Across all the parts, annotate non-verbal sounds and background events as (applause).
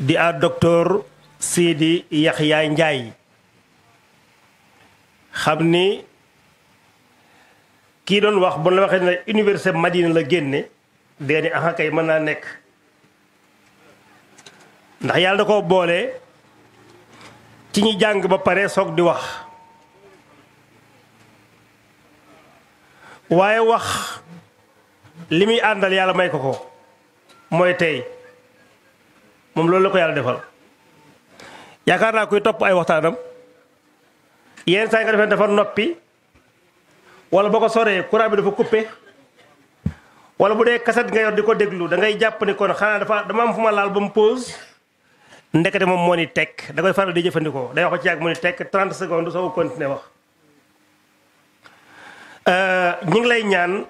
di a docteur Sidi Yaxya Njaay xam ni kii doon wax bu la waxee ne université Madina la génne dee ni aha kay mën naa nekk ndax yàlla da koo boole ci ñi jàng ba pare soog di wax waaye wax li muy àndal yàlla may ko ko mooy tey moom loolu la ko yàlla defal yaakaar naa kuy topp ay waxtaanam yenn saa yi nga defee dafa noppi wala boo ko soree courant bi dafa coupé wala bu dee kaset nga yor di ko déglu da ngay jàpp ni kon xanaa dafa dama am fu ma laal ba mu pause ndekete moom moo ni tekk da koy faral di jëfandikoo day wax ko ci yàgg mu ni tekk 30 secondes soo ko continuer wax euh, ñi ngi lay ñaan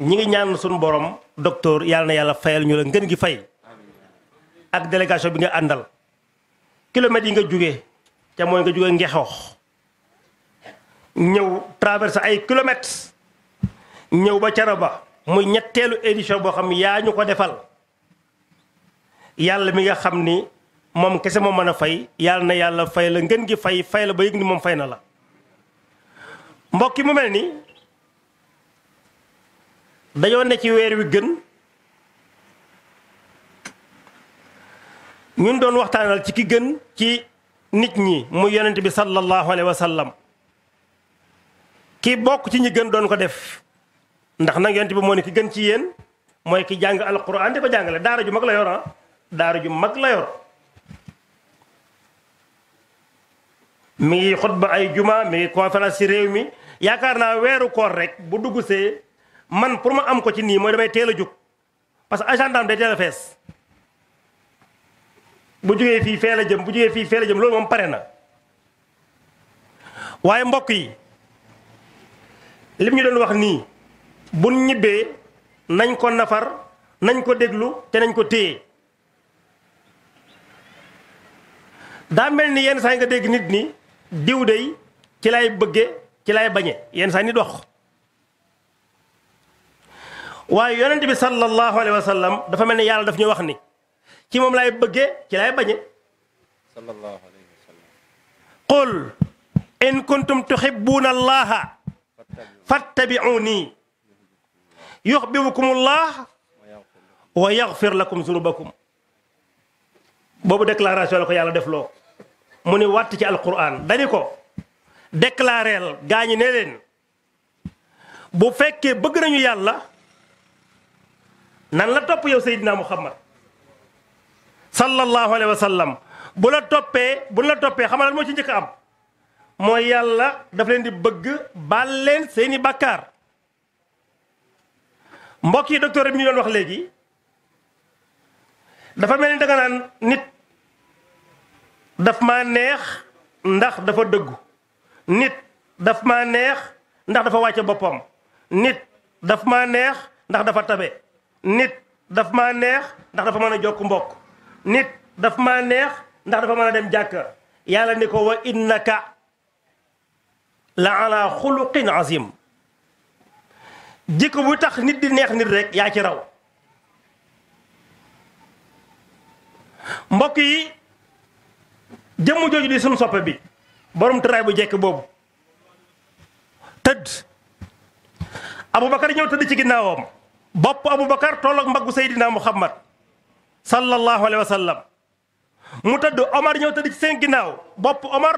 ñi ngi ñaan suñu borom docteur yàlla na yàlla fayal ñu la ngeen gi fay ak délégation bi nga àndal kilomètres yi nga jóge te mooy nga jugee ngexoox ñëw traversé ay kilomètres ñëw ba Thiénaba muy ñetteelu édition boo xam yaa ñu ko defal yàlla mi nga xam ni moom kese moo mën a fay yàlla na yàlla fay la ngeen gi fay fay la ba yëg ni moom fay na la mbokk mu mel ni dañoo ne ci weer wi gën ñun doon waxtaanal ci ki gën ci nit ñi mu yonent bi sallallahu alayhi wa sallam ki bokk ci ñi gën doon ko def ndax nag yonent bi moo ne ki gën ci yéen mooy ki jàng alquran di ko jàngale daara ju mag la yor ah. daara ju mag la yor mi ngi xutba ay juma mi ngi conférence ci réew mi yaakaar naa weeru koor rek bu dugg see man pour ma am ko ci nii mooy damay teel a jóg parce que agendaam day teel fees bu jógee fii fee la jëm bu jógee fii fee la jëm loolu moom pare na waaye mbokk yi lim ñu doon wax nii bu ñibbee nañ ko nafar nañ ko déglu te nañ ko téye daa mel ni yenn saa yi nga dégg nit ni diw dey ci lay bëgge ci lay bañe yenn saa yi nit wax waaye yonent bi sallallahu alayhi wa sallam dafa mel ni yàlla daf ñu wax ni ci moom laay bëgge ci laay bañe sallallahu alayhi wa sallam qul in kuntum tuhibbuna allaha fattabi'uni yuhibbukum allah wa yaghfir lakum zunubakum boobu déclaration ko yàlla def loo mu ni wàtt ci alquran dañu ko déclareel gaa ñi ne leen bu fekkee bëgg nañu yàlla nan la topp yow Seydina Muhammad sallallahu alayhi wa sallam bu la toppee bu la toppee xamal moo ci njëkk am mooy yàlla dafa leen di bëgg baal seeni bàkkaar mbokk yi docteur bi ñu doon wax léegi dafa mel ni danga naan nit daf ma neex ndax dafa dëggu nit daf ma neex ndax dafa wàcce boppam nit daf ma neex ndax dafa tabe nit daf ma neex ndax dafa mën a jokk mbokk nit daf ma neex ndax dafa mën a dem jàkka yàlla ni ko wa innaka la ala xuluqin azim jikko bu tax nit di neex nit rek yaa ci raw mbokk yi jëmm jooju di sunu soppe bi borom tëraay bu jekk boobu tëdd aboubacar ñëw tëdd ci ginnaawam bopp aboubacar tolloog mbaggu seydina muhammad sallallahu alayhi wa sallam mu tëdd Omar ñëw tëdd ci seen ginnaaw bopp Omar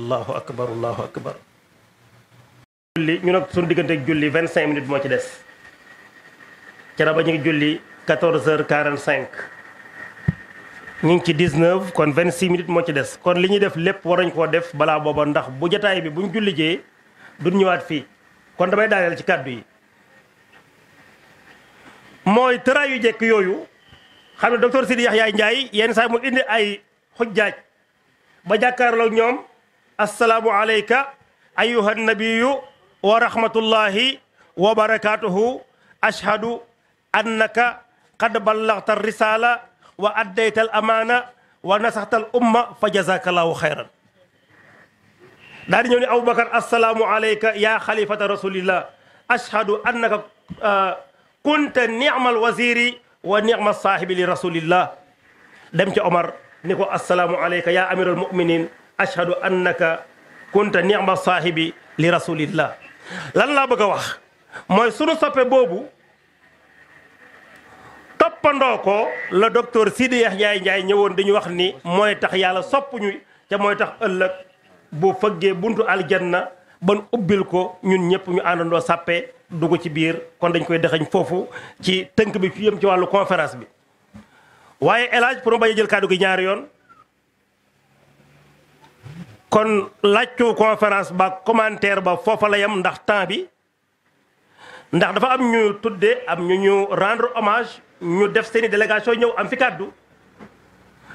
allahu akbar allahu akbar julli ñu nag suñu diggante julli vingt cinq minutes moo ci des cere ba ñu ngi julli quatorze quarante cinq ñu ngi ci dix-neuf kon vingt six minutes moo ci des kon li ñuy def lépp war nañ koo def balaa booba ndax bu jataay bi buñ julli jee du ñëwaat fii kon damay daaneel ci kàddu yi mooy yu jekk yooyu xam ne docteur Sidi Njaay yenn saa mu indi ay xujjaaj ba jàkkaarloo ñoom assalaamu alayka ayyuha nabiyu wa rahmatullahi wa barakaatuhu ashhadu annaka qad ballagta risala wa addayta al amaana wa nasaxta al umma fa jazakallahu xayran daal di ñëw ne assalaamu alayka ya xalifata rasulillah ashhadu annaka ah, kunta ni'mal waziri wa ni'ma saahibi li rasulillah dem ca omar ni ko assalaamu aleyka ya amiral muminin ashhadu annaka kunta ni'ma saahibi li rasulillah lan laa bëgg a wax mooy sunu soppee boobu toppandoo ko la docteur Sidi Yaxya Njaay ñëwoon dañu wax ni mooy tax yàlla sopp ñu te mooy tax ëllëg bu fëggee buntu aljanna ban ubbil ko ñun ñëpp ñu àndandoo sàppe dugg ci biir kon dañ koy dexañ foofu ci tënk bi fi yëm ci wàllu conférence bi waaye El pour mu bañ a jël kàddu gi ñaari yoon kon laajtu conférence ba commentaire ba foofa la yem ndax temps bi ndax dafa am ñu tuddee am ñu ñu rendre hommage ñu def seeni délégation ñëw am fi kàddu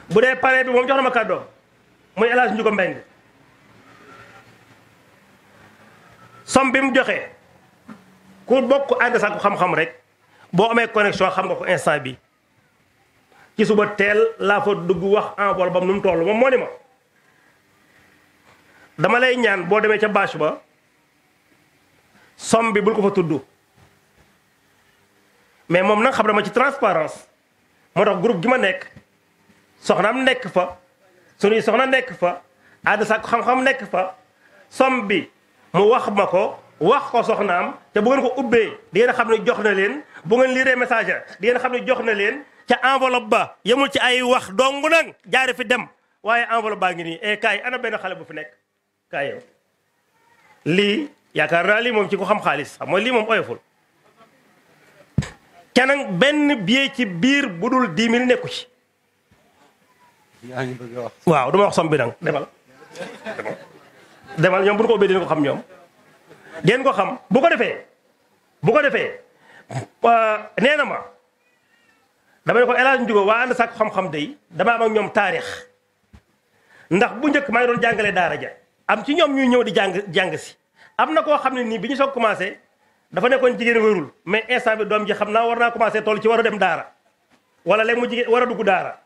bu dee pare bi moom jox na ma kàddoom muy El Hadj Ndiouga somme bi mu joxe ku bokk ànd sàkku xam-xam rek boo amee connexion xam nga ko instant bi ci suba teel laa fa dugg wax envol bam nu mu toll moom moo ni ma dama lay ñaan boo demee ca bâche ba som bi bul ko fa tudd mais moom nag xam ma ci transparence moo tax groupe gi ma nekk soxnaam nekk fa suñuy soxna nekk fa ànd sàkku xam-xam nekk fa somme bi mu wax ma ko wax ko soxnaam te bu ko ubbee di a xam ne jox na leen bu ngeen liiree message di ngeen xam ne jox na leen ca enveloppe ba yemul ci ay wax dong nag jaare fi dem waaye enveloppe baa ngi nii e kaay ana benn xale bu fi nekk kaay lii yaakaar naa lii moom ci ko xam xaalis xam mooy lii moom oyoful kenan benn billet ci biir bu dul dix mille nekku ci waaw duma wax som bi nag demal demal demal ñoom bu ñu ko ubbee dinañ xam ñoom dinañ ko xam bu ko defee bu ko defee euh, nee na ma dama ne ko El waa ànd saako xam-xam day dama am ak ñoom taarix ndax bu njëkk maa ngi doon jàngalee daara ja am ci ñoom ñuy ñëw di jàng jàng si am na koo xam ne nii bi ñu soog commencé dafa nekkoon jigéen wérul mais instant bi doom ji xam naa war naa commencé toll ci war a dem daara wala léegi mu jigéen war a dugg daara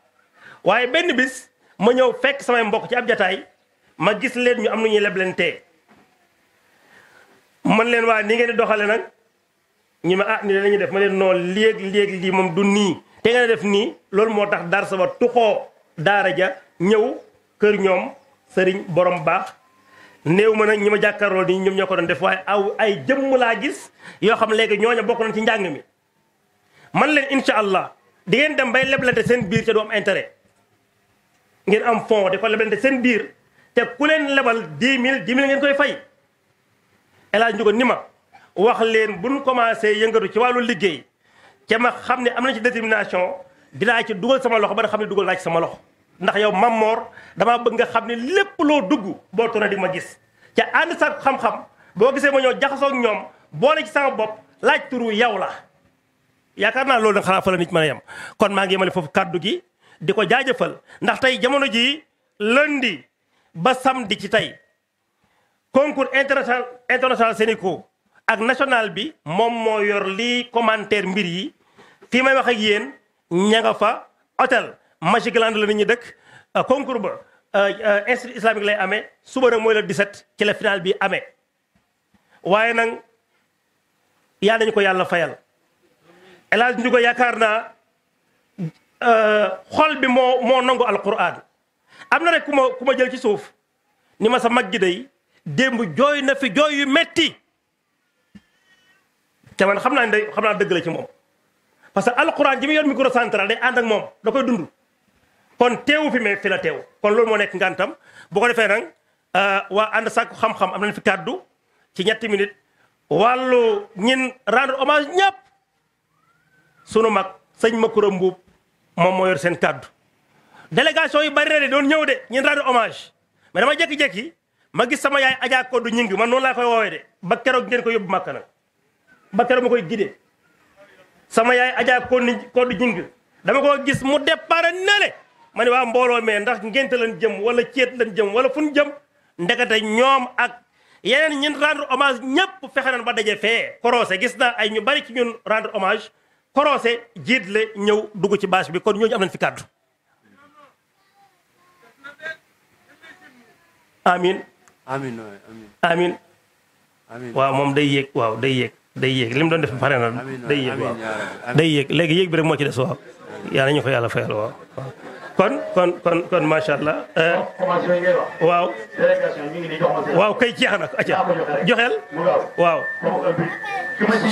waaye benn bis ma ñëw fekk samay mbokk ci ab jataay ma gis leen ñu am lu ñuy leblentee man leen waa ni ngeen di doxale nag ñi ma ah ni la def ma leen noon léeg-léeg lii moom du nii te ngeen def nii loolu moo tax daar saba tuxoo daara ja ñëw kër ñoom sëriñ borom baax néew ma nag ñi ma jàkkaarloo nii ñoom ñoo ko doon def waaye aw ay jëmm laa gis yoo xam léegi ñooña bokk nañ ci njàng mi man leen incha allah di ngeen dem bay leblante seen biir te du am intérêt ngeen am fond di ko leblante seen biir te ku leen lebal 10 000 10 000 ngeen koy fay El Hadj Ndiouga ni ma wax leen bu ñu commencé yëngatu ci wàllu liggéey ca ma xam ne am na ci détermination dinaa ci dugal sama loxo ba nga xam ne dugal laaj sama loxo ndax yow Mame Mor damaa bëgg nga xam ne lépp loo dugg boo tourné di ma gis. ca ànd sa xam-xam boo gisee ma ñëw jaxasoo ak ñoom boo ci sama bopp laaj turu yow la yaakaar naa loolu nag xanaa fa la nit mën a yem kon maa ngi ma yemale foofu kàddu gi di ko jaajëfal ndax tey jamono jii lundi. ba samdi ci tey concours international international Sénico ak national bi moom moo yor lii commentaire mbir yi fii may wax ak yéen ña nga fa hôtel Magic Land la nit ñi dëkk euh, concours ba euh, euh, institut lay amee suba nag mooy le 17 ci la finale bi amee waaye nag yaa nañu ko yàlla fayal El Hadj Ndiouga yaakaar naa xool bi moo moo nangu alquran am na rek ku ma ku ma jël ci suuf ni ma sa mag gi day démb jooy na fi jooy yu metti te man xam naa ne xam naa dëgg la ci moom parce que alxuraan ji mu yor micro central day ànd ak moom da koy dund kon teewu fi mais fi la teew kon loolu moo nekk ngantam boo ko defee nag euh, waa ànd sàkku xam-xam am nañ fi kàddu ci ñetti minutes wàllu ñin rendre hommage ñëpp sunu mag sëñ Makura Mbuub moom moo yor seen kàddu délégation yu bari na de doon ñëw de ñun rendre hommage mais dama jékki ma gis sama yaay du Kodou ñing man noonu laa koy woowee de ba keroog ngeen ko yóbbu Makka nag ba keroog ma koy gidee sama yaay Adja Kodou Kodou ñing dama ko gis mu départ nele ma ne waa mbooloo mee ndax ngénte lan jëm wala ceet lan jëm wala fun jëm ndekete ñoom ak yeneen ñun rendre omage ñëpp fexe nañ ba daje fee korosé gis naa ay ñu bari ci ñun rendre hommage korosé jiit le ñëw dugg ci bâche bi kon ñooñu am nañ fi kàddu amin amin waaw moom day yéeg waaw day yéeg day yéeg li mu doon def pare na day yéeg léegi yéeg bi rek moo ci des waaw yaa na ñu ko yàlla fayal waaw kon kon kon kon macha allah. Eh, oh, waaw. waaw kay jeex na acca joxeel. waaw. Euh,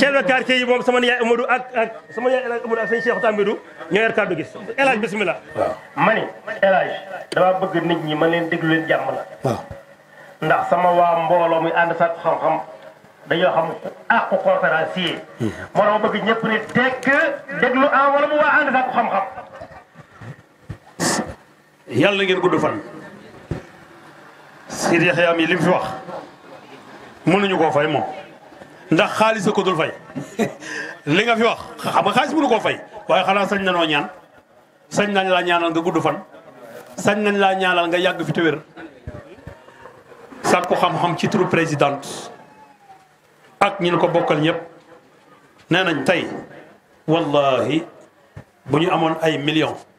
chef de quartier yi moom sama yaay Amadou ak ak sama yaay El Hadj Amadou ak sëñ Cheikh Tambidou ñoo yor kàddu gi El Hadj bisimilah. waaw mani El Hadj damaa bëgg nit ñi ma leen déglu leen jàmm la. waaw. ndax sama waa mbooloo muy ànd sax xam-xam dañoo xam àqu conférencier. Hmm. moo tax ma bëgg ñëpp ne tekk yàlla ngeen gudd fan Sidi Yaxya mi li fi wax mënuñu koo fay moom ndax xaalis a ko dul fay (laughs) li nga fi wax xam nga xaalis mënu koo fay waaye xanaa sañ na noo ñaan sañ nañ laa ñaanal nga gudd fan sañ nañ laa ñaanal nga yàgg fi te wér sàkku xam-xam ci turu président ak ñi ko bokkal ñépp nee nañ tey wallahi bu ñu amoon ay millions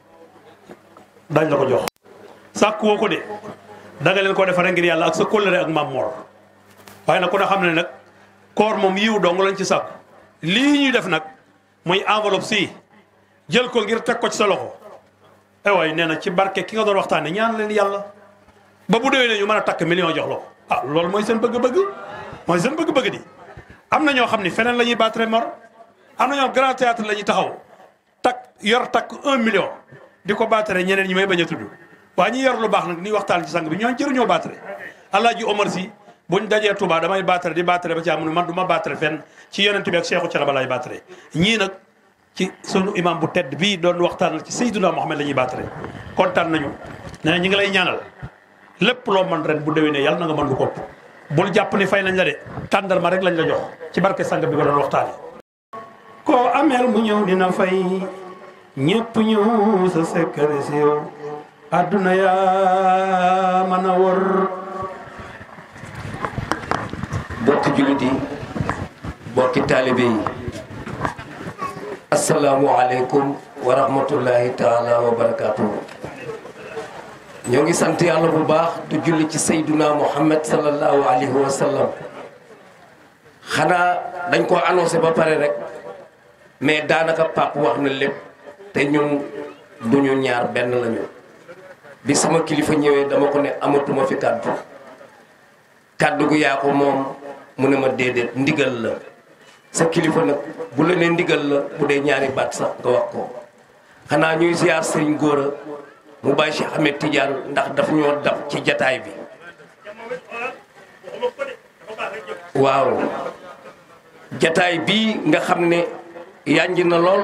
dañ la ko jox sàkk woo ko de danga leen ko defaree ngir yàlla ak sa kóllëre ak maam Mor waaye nag ku ne xam ne nag koor moom yiw dong lañ ci sàkk lii ñuy def nag muy enveloppe si jël ko ngir teg ko ci sa loxo ewaay nee na ci barke ki nga doon waxtaane ñaan leen yàlla ba bu déwénee ñu mën a takk million jox la ko ah loolu mooy seen bëgg-bëgg mooy seen bëgg-bëgg di am na ñoo xam ni feneen la ñuy battre mor am na ñoo grand théâtre la ñuy taxaw takk yor takk un million di ko baatare ñeneen ñi may bañ a tudd waaye ñi yor lu baax nag ni waxtaan ci sang bi ñooñu jëruñoo baatare alaaji Omar si buñ dajee Touba damay baatare di baatare ba ci amu man du ma baatare fenn ci bii doon waxtaan ci Seydina la ñuy baatare kontaan nañu nee na ñi ngi lay ñaanal lépp loo man ren bu déwénee yàlla na nga mën lu kopp bul jàpp ni fay nañ la de tàndarma rek lañ la jox ci barke sang bi ko doon waxtaane koo ameel mu ñëw dina fay ñépp ñëw sa sekkare si yow àdduna yaa mën a wor bokki jullit yi bokki taalibe yi asalaamu aleykum wa rahmatullahi wa barakatuhu ñoo ngi sant yàlla bu baax du julli ci sayduna muhammad sallallahu alayhi wa xanaa dañ ko annoncé ba pare rek mais daanaka pap wax na lépp te ñun duñu ñaar benn lañu bi sama kilifa ñëwee dama ko ne amatuma fi kàddu kàddu gu yaa ko moom mu ne ma déedéet ndigal la sa kilifa nag bu la ne ndigal la bu dee ñaari baat sax nga wax ko xanaa ñuy ziar sëñ góora mu bàyyi si Ahmed Tidiane ndax daf ñoo daf ci jataay bi waaw jataay bii nga xam ne yànj na lool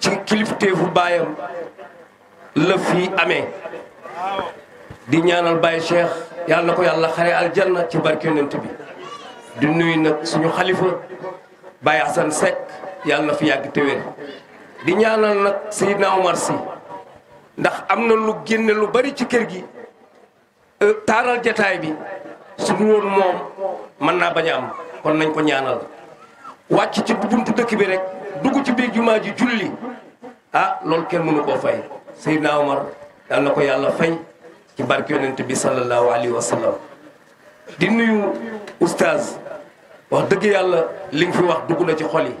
ci kilifteefu baayam la fi amee di ñaanal Baye Cheikh yàlla na ko yàlla xare aljanna ci barke yonent bi di nuyu nag suñu xalifa Baye Assane Seck yàlla na fi yàgg téwér di ñaanal nag Seydina Omar Sy ndax am na lu génne lu bari ci kër gi euh, taaral jataay bi su dul woon moom mën naa bañ a am kon nañ ko ñaanal wàcc ci buntu dëkk bi rek dugg ci biir jumaa ji julli ah loolu kenn mënu koo fay Seydina Omar dal na ko yàlla fay ci barke yonent bi sallallahu alayhi wa sallam di nuyu oustaz wax dëgg yàlla li nga fi wax dugg na ci xol yi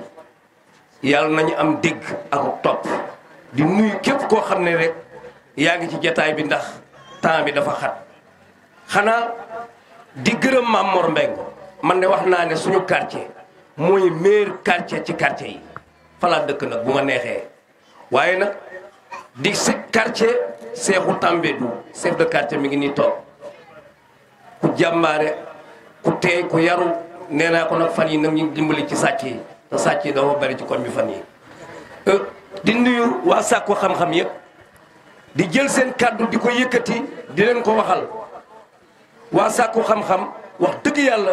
yàlla nañu am dégg ak topp di nuyu képp koo xam ne rek yaa ngi ci jataay bi ndax temps bi dafa xat xanaa di gërëm ma Mor Mbengue man ne wax naa ne suñu quartier mooy meilleur quartier ci quartier yi palaa nag bu ma neexee waaye nag di quartier Seexu Tambédou chef de quartier mi ngi nii toog ku jàmbaare ku teey ku yaru nee naa ko nag fan yi nag ñu dimbali ci sàcc yi te sàcc yi dafa bari ci koñ bi fan yi euh, di nuyu waa sàkku xam-xam yëpp di jël seen kàddu di ko yëkkati di leen ko waxal waa sàkku xam-xam wax dëgg yàlla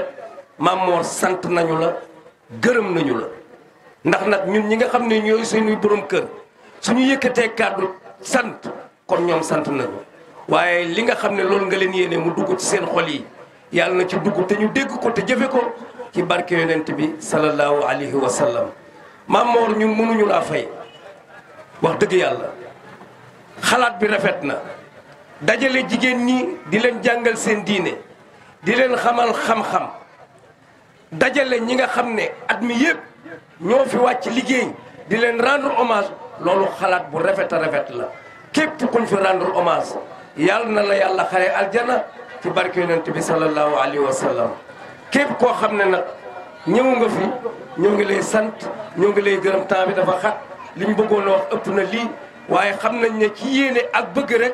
Maam Mor sant nañu la gërëm nañu la ndax nag ñun ñi nga xam ne ñooy suñuy borom kër suñu yëkkatee kàddu sant kon ñoom sant nañu waaye li nga xam ne loolu nga leen yéene mu dugg ci seen xol yi yàlla na ci dugg te ñu dégg ko te jëfe ko ci barke yonent bi sallallahu alayhi wa sallam maam Mor ñun mënuñu laa fay wax dëgg yàlla xalaat bi rafet na dajale jigéen ñi di leen jàngal seen diine di leen xamal xam-xam dajale ñi nga xam ne at mi yëpp ñoo fi wàcc liggéey di leen rendre hommage loolu xalaat bu rafet a rafet la képp kuñ fi rendre hommage yàlla na la yàlla xare aljana ci barke yonent bi sallallahu alayhi wa sallam képp koo xam ne nag ñëw nga fi ñoo ngi lay sant ñoo ngi lay gërëm temps bi dafa xat li ñu bëggoon a wax ëpp na lii waaye xam nañ ne ci yéene ak bëgg rek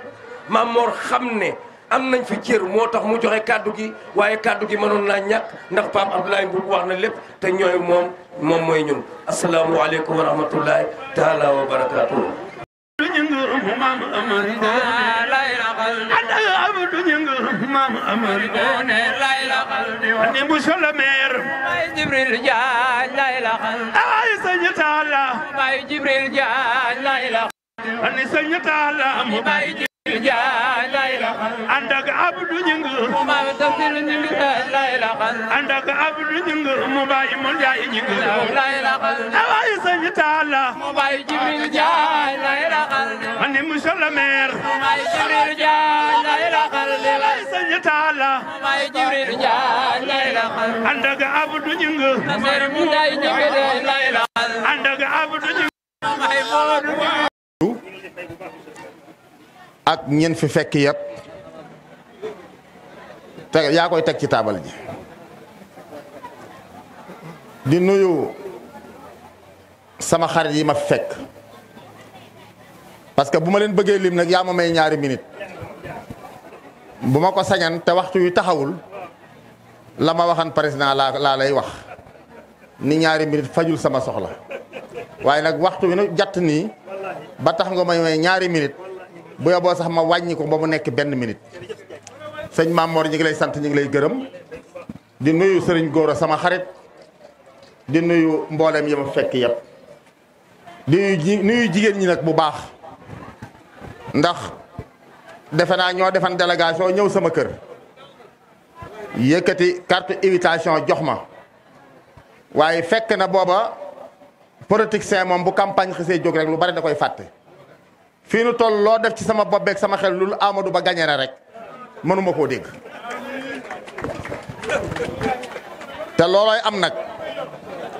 Mamor xam ne am nañ fi cër moo tax mu joxe kàddu gi waaye kàddu gi mënoon naa ñàkk ndax Pape Abdoulaye Mbour wax na lépp te ñooy moom moom mooy ñun asalaamualeykum wa rahmatullahi taala wa barakaatuhu Jibril Jaañ la ilaha ànd ak Abdou Gningue. mu bàyyi tafsir Gningue laay laxal. ànd ak Abdou Gningue mu bàyyi mu jaay Gningue. laay laxal. waaye sëñ Talla. mu bàyyi Jibril Jaay laay laxal. ma ne monsieur le maire. mu bàyyi Jibril Jaay laay laxal. waaye sëñ Talla. mu bàyyi Jibril Jaay laay laxal. ànd ak Abdou Gningue. tafsir mu jaay Gningue laay laxal. ànd ak Abdou Gningue. ak ñen fi fekk yëpp te yaa koy teg ci taabal ji di nuyu sama xarit yi ma fi fekk parce que bu ma leen bëggee lim nag yaa ma may ñaari minute bu ma ko sañan te waxtu wi taxawul la ma waxan président laa laa lay wax ni ñaari minute fajul sama soxla waaye nag waxtu wi nu jàtt nii ba tax nga may may ñaari minute bu yoboo sax ma wàññi ko ba mu nekk benn minute sëñ Mamor ñi ngi lay sant ñi ngi lay gërëm di nuyu sëriñ Gora sama xarit di nuyu mbooleem yi fekk yëpp di nuyu jigéen ñi nag bu baax ndax defe naa ñoo defan délégation ñëw sama kër yëkkati carte invitation jox ma waaye fekk na booba politicien moom bu campagne xasee jóg rek lu bari da koy fàtte fii nu toll loo def ci sama bopp beeg sama xel lu Amadou Ba gañe na rek mënuma koo dégg te loolooy am nag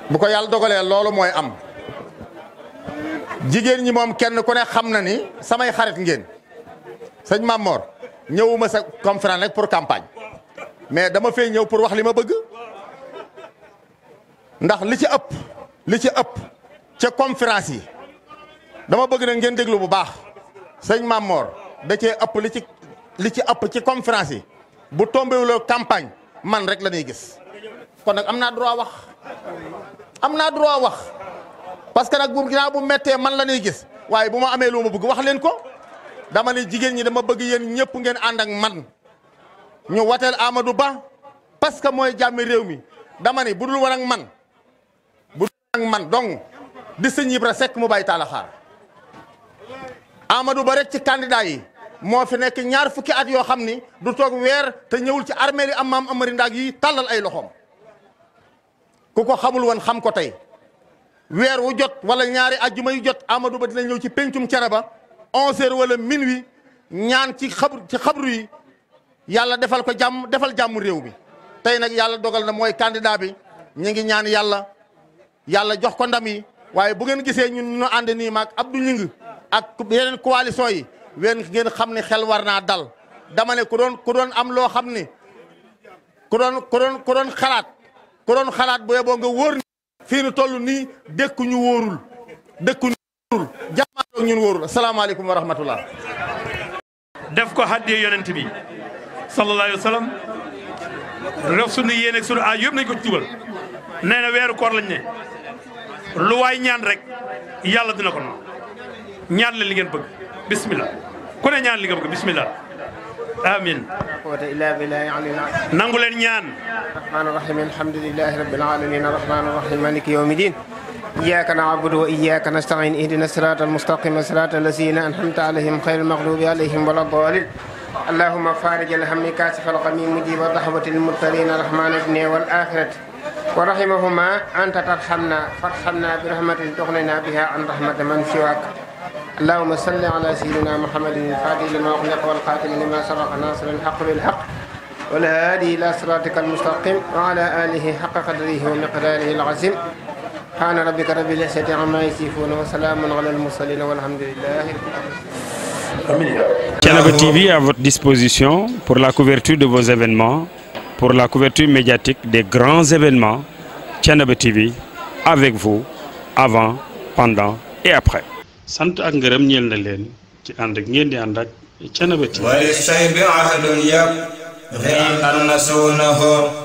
bu ko yàlla dogalee loolu mooy am jigéen ñi moom kenn ku ne xam na ni samay xarit ngeen sëñ Mamor ñëwuma sa conférence rek pour campagne mais dama fee ñëw pour wax li ma bëgg ndax li ci ëpp li ci ëpp ca conférence yi dama bëgg nag ngeen déglu bu baax sëñ Mamor da cee ëpp li ci li ci ëpp ci conférence yi bu tombewuloo campagne man rek la ñuy gis kon nag am naa droit wax am naa droit wax parce que nag bu ginnaaw bu méttee man la ñuy gis waaye bu ma amee lu ma bëgg wax leen ko dama ne jigéen ñi dama bëgg yéen ñëpp ngeen ànd ak man ñu wateel Amadou Ba parce que mooy jàmmi réew mi dama ne bu dul woon man bu dul ak man donc di sëñ Ibra Seck mu bàyyi taala Amadou Ba rek ci candidat yi moo fi nekk ñaar fukki at yoo xam ni du toog weer te ñëwul ci armée li am maam Amari Ndaak yi tàllal ay loxoom ku ko xamul woon xam ko tey weer wu jot wala ñaari ajjuma yu jot Amadou Ba dina ñëw ci pencum Thiénaba 11h wala minuit ñaan ci xabru ci xabru yi yàlla defal ko jàmm defal jàmm réew mi tey nag yàlla dogal na mooy candidat bi ñu ngi ñaan yàlla yàlla jox ko ndam yi waaye bu ngeen gisee ñun ñu ànd nii maag Abdou Ngingue ak yeneen coalition yi wen ngeen xam ne xel war naa dal dama ne ku doon ku doon am loo xam ni ku doon ku xalaat ku doon xalaat bu yeboo nga wóor ni fii nu toll nii dëkku ñu wóorul dëkku ñu wóorul jàmmaaroo ñun wóorul asalaamaaleykum wa rahmatullah def ko haddiyee yonent bi sallallahu alayhi wa sallam ref sunu yéen sunu aay yëpp nañ ko ci dugal na weeru koor lañ ne lu waay ñaan rek yàlla dina ko ñaan la li ngeen bëgg bismillah ku ne ñaan li nga bëgg bismillah amin nangu leen ñaan rahmaani rahiim alhamdulillahi rabbil alamin arrahmaani rahiim maliki yawmi din إياك نعبد وإياك نستعين اهدنا الصراط المستقيم صراط الذين أنعمت عليهم غير المغلوب عليهم ولا الضالين اللهم فارج الهم كاشف الغم مجيب الرحمة المرسلين رحمن الدنيا والآخرة ورحمهما أنت ترحمنا فارحمنا برحمة تغننا بها عن رحمة من سواك اللهم صل على سيدنا محمد الفاتح لما أغلق والقاتل لما سبق ناصر الحق بالحق والهادي إلى صراطك المستقيم وعلى آله حق قدره ومقداره العظيم سبحان ربك رب العزة عما يصفون وسلام على المرسلين والحمد لله رب العالمين Thiénaba TV à votre disposition pour la couverture de vos événements, pour la couverture médiatique des grands événements. Thiénaba TV avec vous, avant, pendant et après. sant ak ngërëm ñeel na leen ci ànd ak ngeen di ànd ak Thiénaba TV wali say bi ahadun yàpp xiran an na suuna hoo